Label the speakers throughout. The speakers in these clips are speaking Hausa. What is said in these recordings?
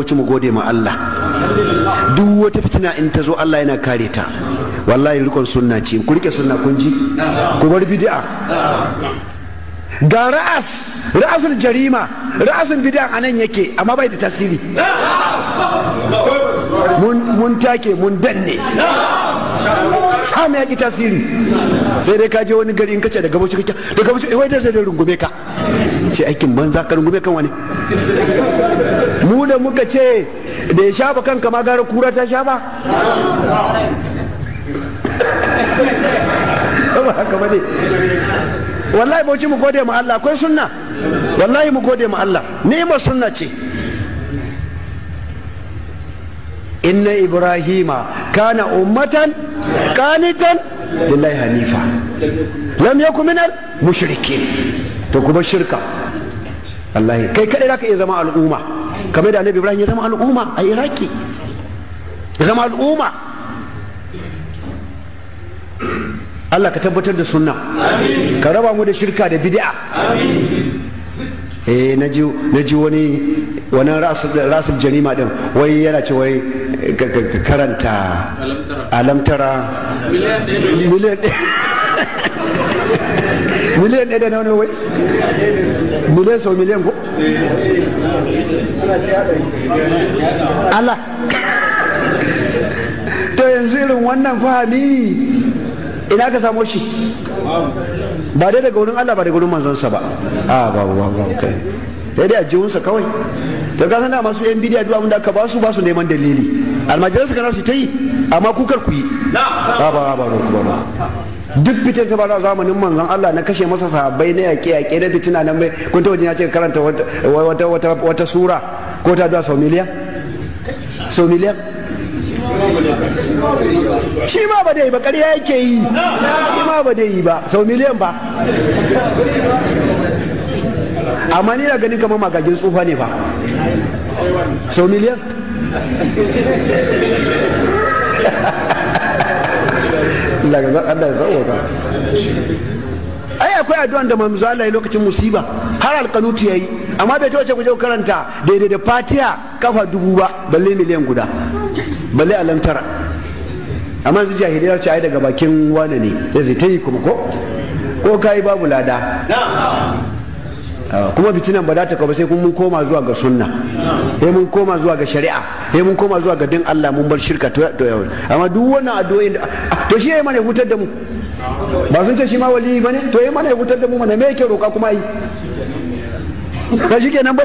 Speaker 1: bauchi mu gode ma Allah duk wata fitina in ta zo Allah yana kare ta wallahi rikon sunna ce ku rike sunna kun ji ku bar bid'a ga ra'as ra'asul jarima ra'asul bid'a anan yake amma bai da tasiri mun take mun danne sam ya ki tasiri sai dai ka je wani gari in kace daga bauchi kace daga bauchi wai zai da rungume ka sai aikin banza ka rungume kan wani mu da muka ce da ya shafa kanka ma gara kura ta shafa ba haka bane wallahi bauchi mu gode ma Allah akwai sunna wallahi mu gode ma Allah Ni ma sunna ce inna ibrahima kana ummatan qanitan lillahi hanifa lam yakun minal mushrikin to kuma shirka wallahi kai kadai zaka iya zama al'umma kamar da annabi ibrahim ya zama al'umma a iraki ya zama al'umma Allah ka tabbatar da sunna ka raba mu da shirka da bid'a eh na ji wani wannan rasul jarima din wai yana ce wai karanta alamtara miliyan ɗaya. miliyan ɗaya na wani wai miliyan sau miliyan ko Allah to yanzu irin wannan fahami ina ka samo shi ba dai daga wurin Allah ba daga wurin manzonsa ba ah, a babu babu kai dai a jiwunsa kawai da ka san masu yan bidiyar duk abinda ka ba su ba su neman dalili almajirai su kana su ta yi amma kukar ku yi ba ba ba ba ba duk fitar ta bara zamanin manzon Allah na kashe masa sahabbai na yaƙe yaƙe na fitina nan mai kun ta wajen ya ce karanta wata wata wata sura ko ta zuwa sau miliyan sau miliyan shi ma ba dai ba ƙarya yake yi shi ma ba dai yi ba sau miliyan ba amma ni na ganin kamar magajin tsufa ne fa sau miliyan Allah ya ai akwai addu'an da manzo Allah ya lokacin musiba har alkanutu yi, amma bai tawace ku je karanta daidai da fatiya kafa dubu ba balle miliyan guda balle lantara amma yanzu jahiliyar ci ai daga bakin wane ne sai ta yi kuma ko ko kai babu lada kuma fitinan ba za ta kawai sai kuma mun koma zuwa ga sunna sai mun koma zuwa ga shari'a sai mun koma zuwa ga din Allah mun bar shirka to yau amma duk wannan addu'o'in to shi yayi mana hutar da mu ba sun ce shi ma wali bane to yayi mana hutar da mu mana me yake roka kuma yi ka shi kenan ba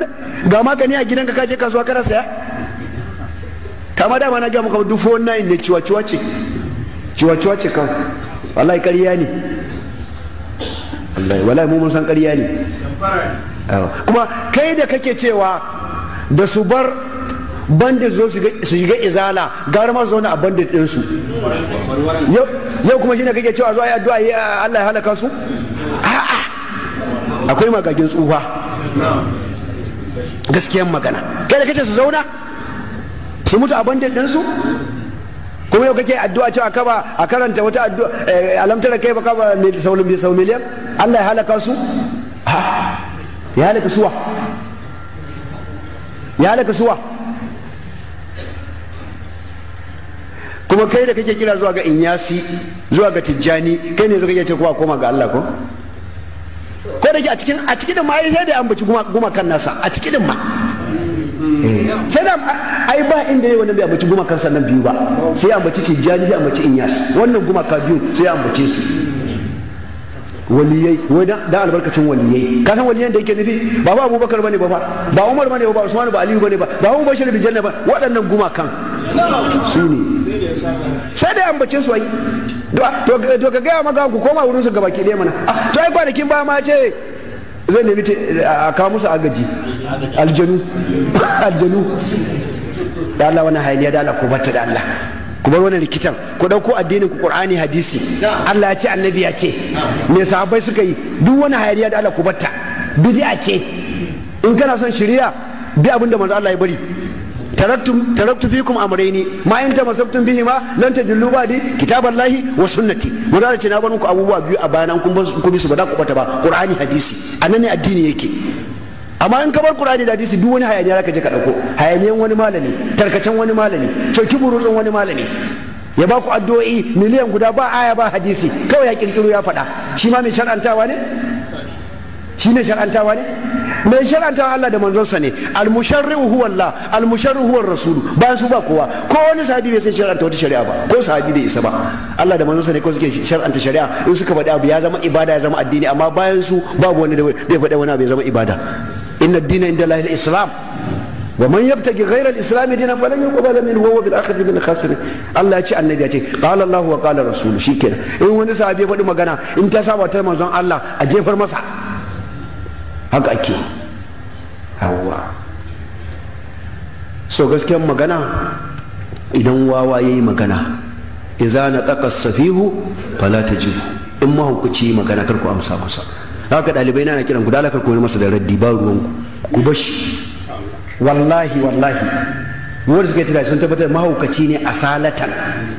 Speaker 1: ga ma ka ni a gidanka ka je kasuwa kara saya kama ma na ga muka duk 49 ne ciwa-ciwa ce ciwa-ciwa ce kan wallahi kariya ne wallahi mu mun san ƙarya ne kuma kai da kake cewa da su bar bandit zo su shiga izala gara ma zo na a bandit ɗinsu yau kuma shine kake cewa zo ayi addu'a yi Allah ya halaka su a'a akwai magagin tsufa gaskiyan magana kai da kace su zauna su mutu a bandit ɗinsu kuma yau kake addu'a cewa kaba a karanta wata addu'a eh, alamtar kai ba kaba sau miliyan Allah ya halaka su ha ya halaka suwa ya halaka suwa kuma kai da kake kira zuwa ga inyasi zuwa ga tijjani kai ne kake cewa koma ga Allah ko ko da ke a cikin a cikin ma ya da ambaci guma kan nasa a cikin ma eh, sai da ai ba inda yayi wannan bai ambaci guma kan sannan biyu ba sai ambaci tijjani sai ambaci inyasi wannan guma ka biyu sai ambace su waliyai wai da albarkacin waliyai ka san waliyan da yake nufi ba ba abubakar bane ba ba umar bane ba usman ba aliyu bane ba ba abu bashir bin janna ba waɗannan gumakan su ne sai da ambace su ai to ka gaya maka ku koma wurin su gabaki ɗaya mana ah, to ai kwanakin ba ma ce zai nemi a kawo musu agaji aljanu aljanu da Allah wani hayaniya da Allah ko batta da Allah ku bar wani likitan ku dauko addinin ku qur'ani hadisi Allah ya ce annabi ya ce me sahabbai suka yi duk wani hayariya da Allah ku batta bid'a ce in kana son shari'a bi abin da manzo Allah ya bari taraktu taraktu fikum amrayni ma in tamassaktum bihima lan ba ba'di kitaballahi wa sunnati manzo ce na bar muku abubuwa biyu a bayanan kun bi su ba da ku bata ba qur'ani hadisi anan ne addini yake amma in ka bar qur'ani da hadisi duk wani hayaniya zaka je ka dauko hayaniyan wani malami tarkacen wani malami cokin burutsun wani malami ya ba ku addu'o'i miliyan guda ba aya ba hadisi kawai ya kirkiro ya faɗa shi ma mai shar'antawa ne shi ne shar'antawa ne mai shar'anta Allah da manzonsa ne al-musharri'u huwa Allah al-musharri'u huwa rasulu Bayan su ba kowa ko wani sahabi bai sai shar'anta wata shari'a ba ko sahabi bai isa ba Allah da manzonsa ne ko suke shar'anta shari'a in suka faɗi abu ya zama ibada ya zama addini amma bayan su babu wani da ya faɗi wani abu ya zama ibada inna ad-dina inda Allah al-islam ومن يبتغي غير الاسلام دينا فلن يقبل منه وهو بالاخره من الخاسرين الله يجي النبي يجي قال الله وقال رسوله شيكنا ان وني صحابي يفدي magana in ta saba ta manzon Allah a jefar masa haka ake yawwa so gaskiyar magana idan wawa ya yi magana ya na ƙaƙa safihu fala ta jihu in mahaukaci magana kar ku amsa masa haka ɗalibai na kiran ku dalakar ku masa da raddi ba ruwanku ku bashi wallahi wallahi wanda suka yi tunani sun tabbatar mahaukaci ne a salatan.